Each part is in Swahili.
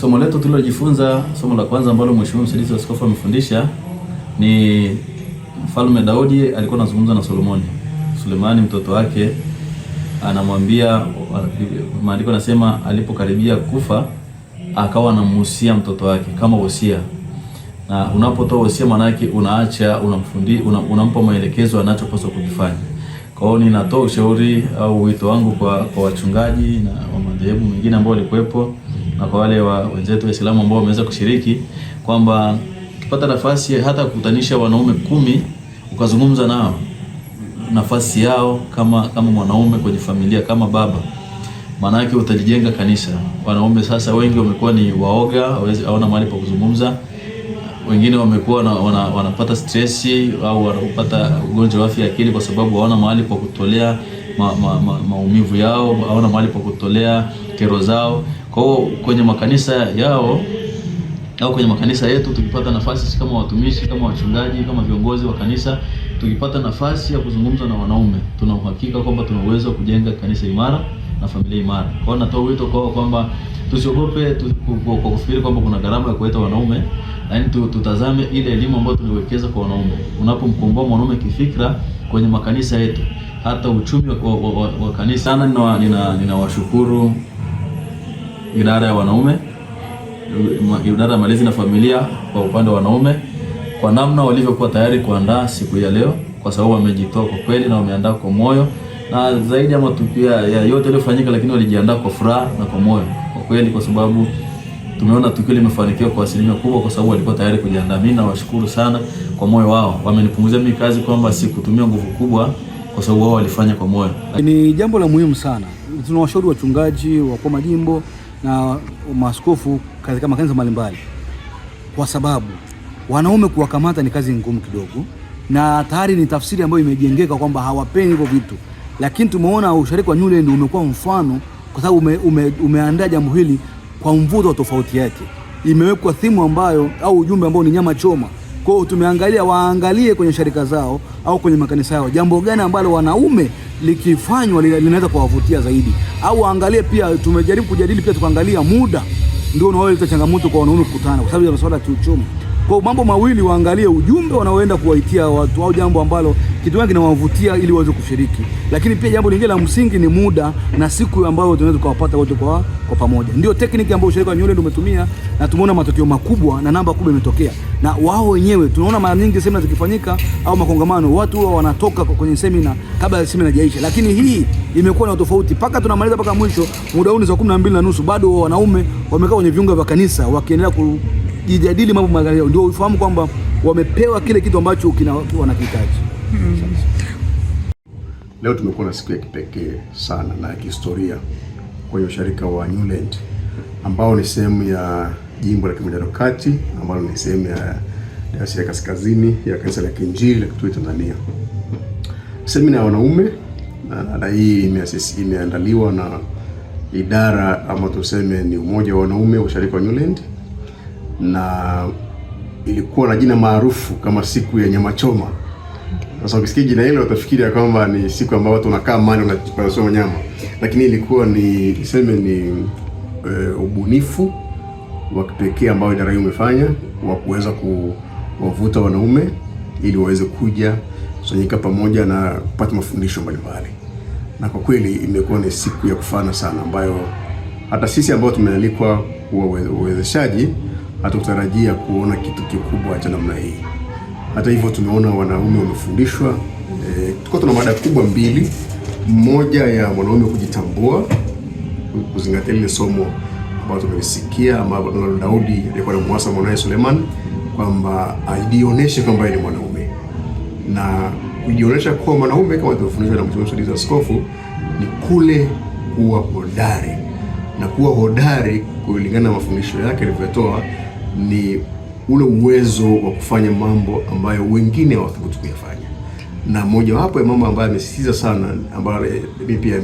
Somo letu tulilojifunza, somo la kwanza ambalo Mheshimiwa Msaidizi Askofu amefundisha ni Mfalme Daudi alikuwa anazungumza na Solomoni. Sulemani mtoto wake anamwambia, maandiko anasema alipokaribia kufa akawa anamhusia mtoto wake kama wosia, na unapotoa wosia manake unaacha unamfundi, unampa maelekezo anachopaswa kukifanya. Kwa hiyo ninatoa ushauri au wito wangu kwa, kwa wachungaji na wa madhehebu mengine ambao walikuwepo na kwa wale wa wenzetu Waislamu ambao wameweza kushiriki kwamba ukipata nafasi hata kukutanisha wanaume kumi ukazungumza nao nafasi yao kama kama mwanaume kwenye familia kama baba, maana yake utalijenga kanisa. Wanaume sasa wengi wamekuwa ni waoga, hawana mahali pa kuzungumza. Wengine wamekuwa wana, wanapata stress au wanapata ugonjwa wa afya akili, kwa sababu hawana mahali pa kutolea maumivu ma, ma, ma yao, hawana mahali pa kutolea kero zao. Kwa hiyo kwenye makanisa yao au kwenye makanisa yetu, tukipata nafasi sisi kama watumishi, kama wachungaji, kama viongozi wa kanisa, tukipata nafasi ya kuzungumza na wanaume, tuna uhakika kwamba tuna uwezo wa kujenga kanisa imara na familia imara. Kwa hiyo natoa wito kwao kwamba tusiogope kwa kufikiri kwamba kuna gharama ya kuleta wanaume, lakini tutazame ile elimu ambayo tuliwekeza kwa wanaume. Unapomkomboa mwanaume kifikra kwenye makanisa yetu, hata uchumi wa, wa, wa, wa kanisa sana. Ninawashukuru nina idara ya wanaume, idara ya malezi na familia kwa upande wa wanaume kwa namna walivyokuwa tayari kuandaa siku ya leo, kwa sababu wamejitoa kwa kweli na wameandaa kwa moyo, na zaidi ya matukio ya yote yaliyofanyika, lakini walijiandaa kwa furaha na kwa moyo kwa kweli, kwa sababu tumeona tukio limefanikiwa kwa asilimia kubwa, kwa sababu walikuwa tayari kujiandaa. Mimi nawashukuru sana kwa moyo wao, wamenipunguzia mimi kazi kwamba sikutumia nguvu kubwa, kwa sababu wao walifanya kwa moyo. Ni jambo la muhimu sana. Tunawashauri wachungaji wa kwa majimbo na maaskofu katika makanisa mbalimbali, kwa sababu wanaume kuwakamata ni kazi ngumu kidogo, na tayari ni tafsiri ambayo imejengeka kwamba hawapendi hivyo vitu, lakini tumeona ushariki wa New Land umekuwa mfano kwa sababu ume, ume, umeandaa jambo hili kwa mvuto wa tofauti yake. Imewekwa thimu ambayo au ujumbe ambao ni nyama choma. Kwa hiyo tumeangalia waangalie kwenye sharika zao au kwenye makanisa yao jambo gani ambalo wanaume likifanywa linaweza kuwavutia zaidi au angalie pia, tumejaribu kujadili pia tukaangalia muda ndio unaoleta changamoto kwa wanaume kukutana, kwa sababu ya masuala ya kiuchumi. Kwa mambo mawili, waangalie ujumbe wanaoenda kuwaitia watu au jambo ambalo kitu gani kinawavutia ili waweze kushiriki. Lakini pia jambo lingine la msingi ni muda na siku ambayo tunaweza kuwapata wote kwa, kwa pamoja. Ndio tekniki ambayo ushirika wa New Holland umetumia na tumeona matokeo makubwa na namba kubwa imetokea, na wao wenyewe tunaona mara nyingi semina zikifanyika au makongamano, watu huwa wanatoka kwenye semina kabla ya semina haijaisha, lakini hii imekuwa na tofauti paka tunamaliza paka mwisho, muda huu ni saa kumi na nusu, bado wanaume wamekaa kwenye viunga vya kanisa wakiendelea kujadili mambo, magari ndio ufahamu kwamba wamepewa kile kitu ambacho wanakihitaji. Mm. Leo tumekuwa na siku ya kipekee sana na ya kihistoria kwenye usharika wa Newland ambao ni sehemu ya jimbo la Kilimanjaro Kati ambalo ni sehemu ya dayosisi ya Kaskazini ya Kanisa la Kiinjili la Kitui Tanzania. Semina ya wanaume na, na hii imeandaliwa na idara ama tuseme ni umoja wa wanaume wa usharika wa Newland na ilikuwa na jina maarufu kama siku ya nyama choma. Sasa ukisikia jina hilo utafikiri ya kwamba ni siku ambayo watu wanakaa mali wanasoma nyama, lakini ilikuwa ni niseme ni e, ubunifu wa kipekee ambao idara hii umefanya wa kuweza kuwavuta wanaume ili waweze kuja kusanyika pamoja na kupata mafundisho mbalimbali, na kwa kweli imekuwa ni siku ya kufana sana, ambayo hata sisi ambao tumealikwa kuwa uwezeshaji hatukutarajia kuona kitu kikubwa cha namna hii. Hata hivyo tumeona wanaume wamefundishwa. E, tuko tuna mada kubwa mbili, moja ya mwanaume kujitambua, kuzingatia lile somo ambalo tumelisikia ambalo Daudi alikuwa na mwasa mwanaye Suleman kwamba ajionyeshe kwamba ni mwanaume na kujionyesha kuwa mwanaume kama tulivyofundishwa na mtume Sudi askofu ni kule kuwa hodari na kuwa hodari kulingana na mafundisho yake alivyotoa ni ule uwezo wa kufanya mambo ambayo wengine hawathubutu kuyafanya. Na mojawapo ya mambo ambayo amesisitiza sana, ambayo mimi pia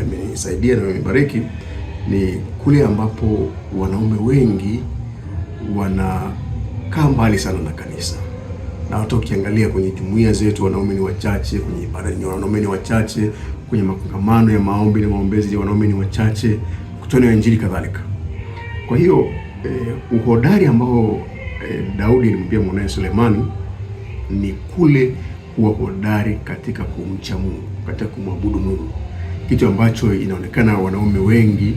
amenisaidia na amenibariki ni kule ambapo wanaume wengi wanakaa mbali sana na kanisa, na hata ukiangalia kwenye jumuiya zetu wanaume ni wachache, kwenye ibada ni wanaume ni wachache, kwenye makongamano ya maombi na maombezi wanaume ni wachache, kutoa Injili kadhalika. Kwa hiyo eh, uhodari ambao e, Daudi alimwambia mwanaye Sulemani ni kule kuwa hodari katika kumcha Mungu, katika kumwabudu Mungu, kitu ambacho inaonekana wanaume wengi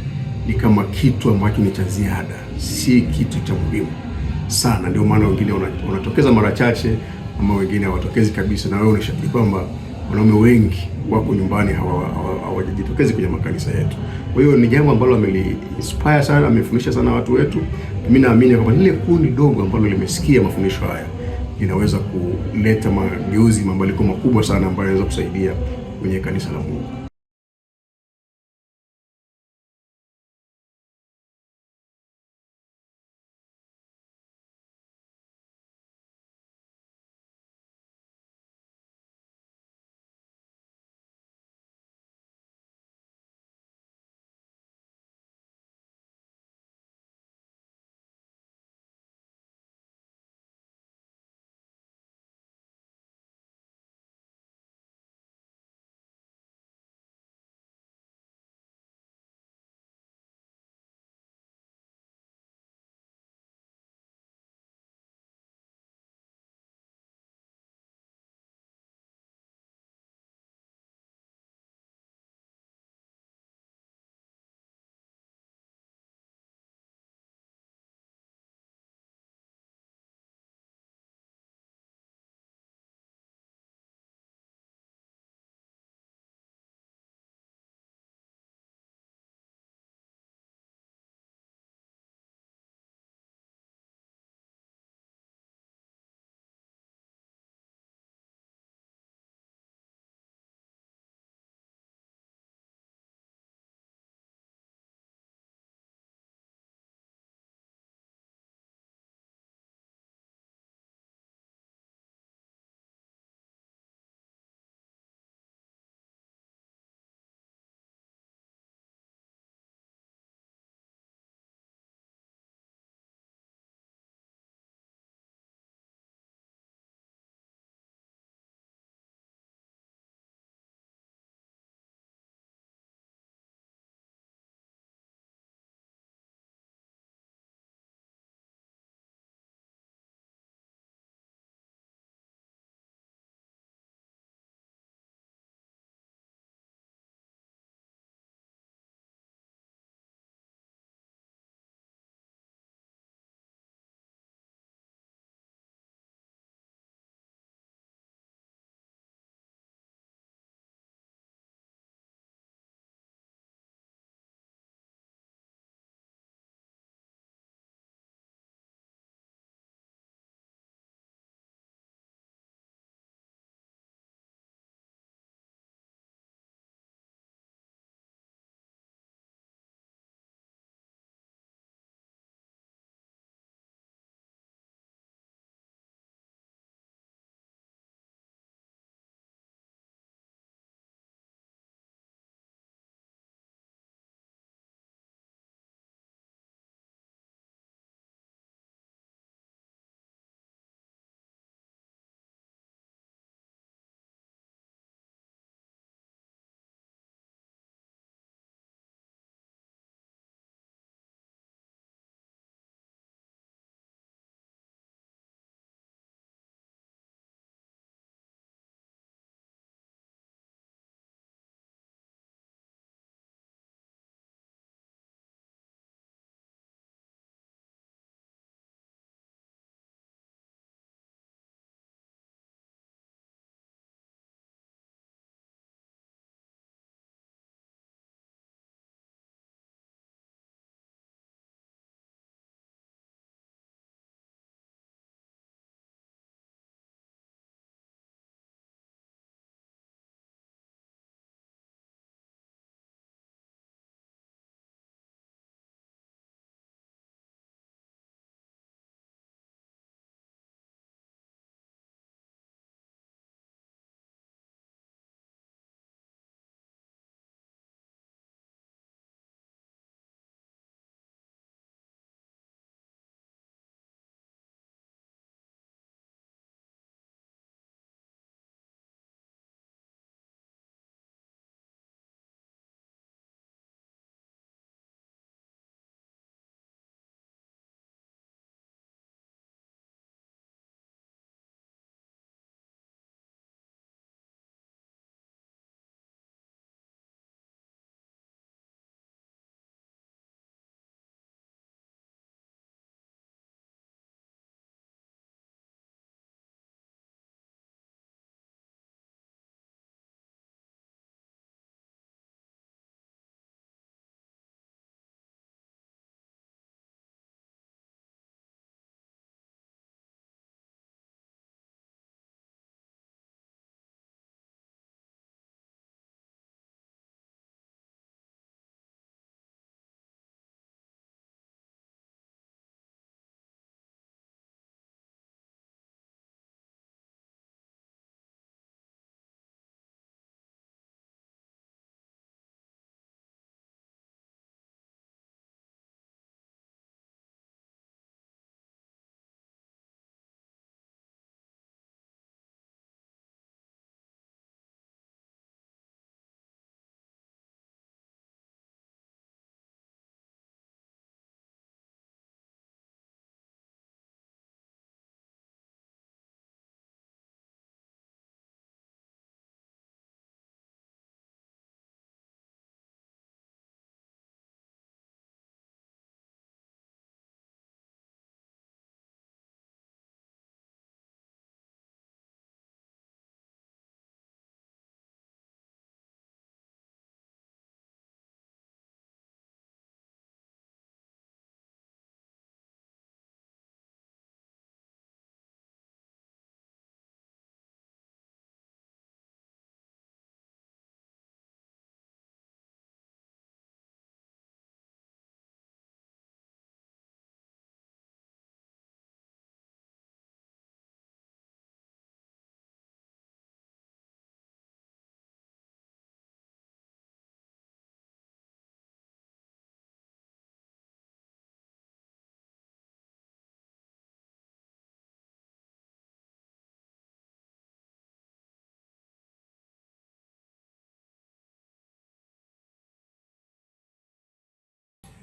ni kama kitu ambacho ni cha ziada, si kitu cha muhimu sana. Ndio maana wengine wanatokeza mara chache, ama wengine hawatokezi kabisa, na wewe unashahidi kwamba wanaume wengi wako nyumbani, hawajajitokezi hawa, hawa, hawa kwenye makanisa yetu. Kwa hiyo ni jambo ambalo ameliinspire sana, amefundisha sana watu wetu. Mimi naamini kwamba lile kundi dogo ambalo limesikia mafundisho haya inaweza kuleta mageuzi, mabadiliko makubwa sana ambayo yanaweza kusaidia kwenye kanisa la Mungu.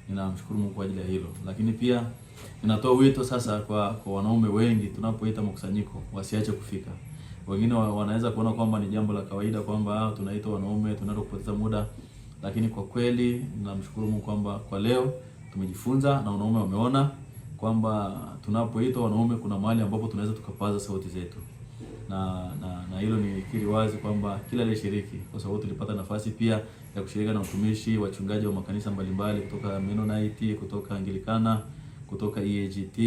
ninamshukuru Mungu kwa ajili ya hilo, lakini pia ninatoa wito sasa kwa kwa wanaume wengi, tunapoita mkusanyiko wasiache kufika. Wengine wa, wanaweza kuona kwamba ni jambo la kawaida kwamba ah, tunaita wanaume, tunaenda kupoteza muda, lakini kwa kweli ninamshukuru Mungu kwamba kwa leo tumejifunza na wanaume wameona kwamba tunapoitwa wanaume kuna mahali ambapo tunaweza tukapaza sauti zetu na na hilo nilikiri wazi kwamba kila aliyeshiriki, kwa sababu tulipata nafasi pia ya kushirika na utumishi wachungaji wa makanisa mbalimbali kutoka Mennonite, kutoka Anglikana, kutoka EAGT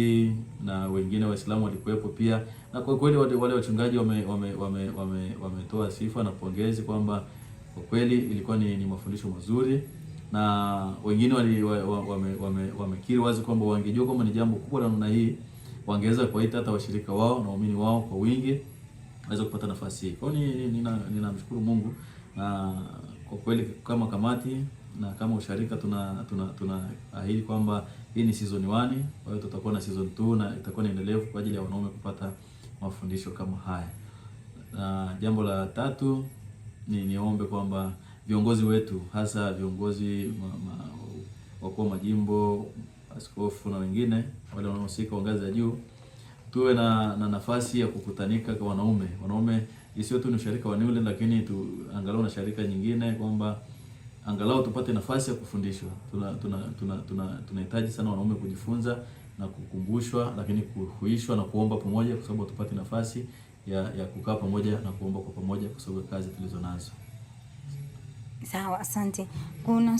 na wengine Waislamu walikuwepo pia, na kwa kweli wale wachungaji wame wametoa wame, wame, wame sifa na pongezi kwamba kwa kweli ilikuwa ni, ni mafundisho mazuri na wengine wali wame, wame, wame wazi kwamba wangejua kwamba ni jambo kubwa la namna hii wangeweza kuwaita hata washirika wao na waumini wao kwa wingi aweze kupata nafasi hii. Kwa hiyo ninamshukuru nina Mungu na kwa kweli kama kamati na kama usharika tuna tunaahidi kwamba hii ni season 1, kwa hiyo tutakuwa na season 2 na itakuwa endelevu kwa ajili ya wanaume kupata mafundisho kama haya. Na jambo la tatu ni niombe kwamba viongozi wetu hasa viongozi wakuu wa majimbo, askofu na wengine wale wanaohusika wa ngazi ya juu tuwe na, na nafasi ya kukutanika kwa wanaume wanaume, isiyo tu ni usharika wa Newland, lakini tu angalau na sharika nyingine, kwamba angalau tupate nafasi ya kufundishwa. Tunahitaji tuna, tuna, tuna, tuna sana wanaume kujifunza na kukumbushwa, lakini kuhuishwa na kuomba pamoja, kwa sababu tupate nafasi ya, ya kukaa pamoja na kuomba kwa pamoja, kwa sababu kazi tulizo nazo. Sawa, asante. Kuna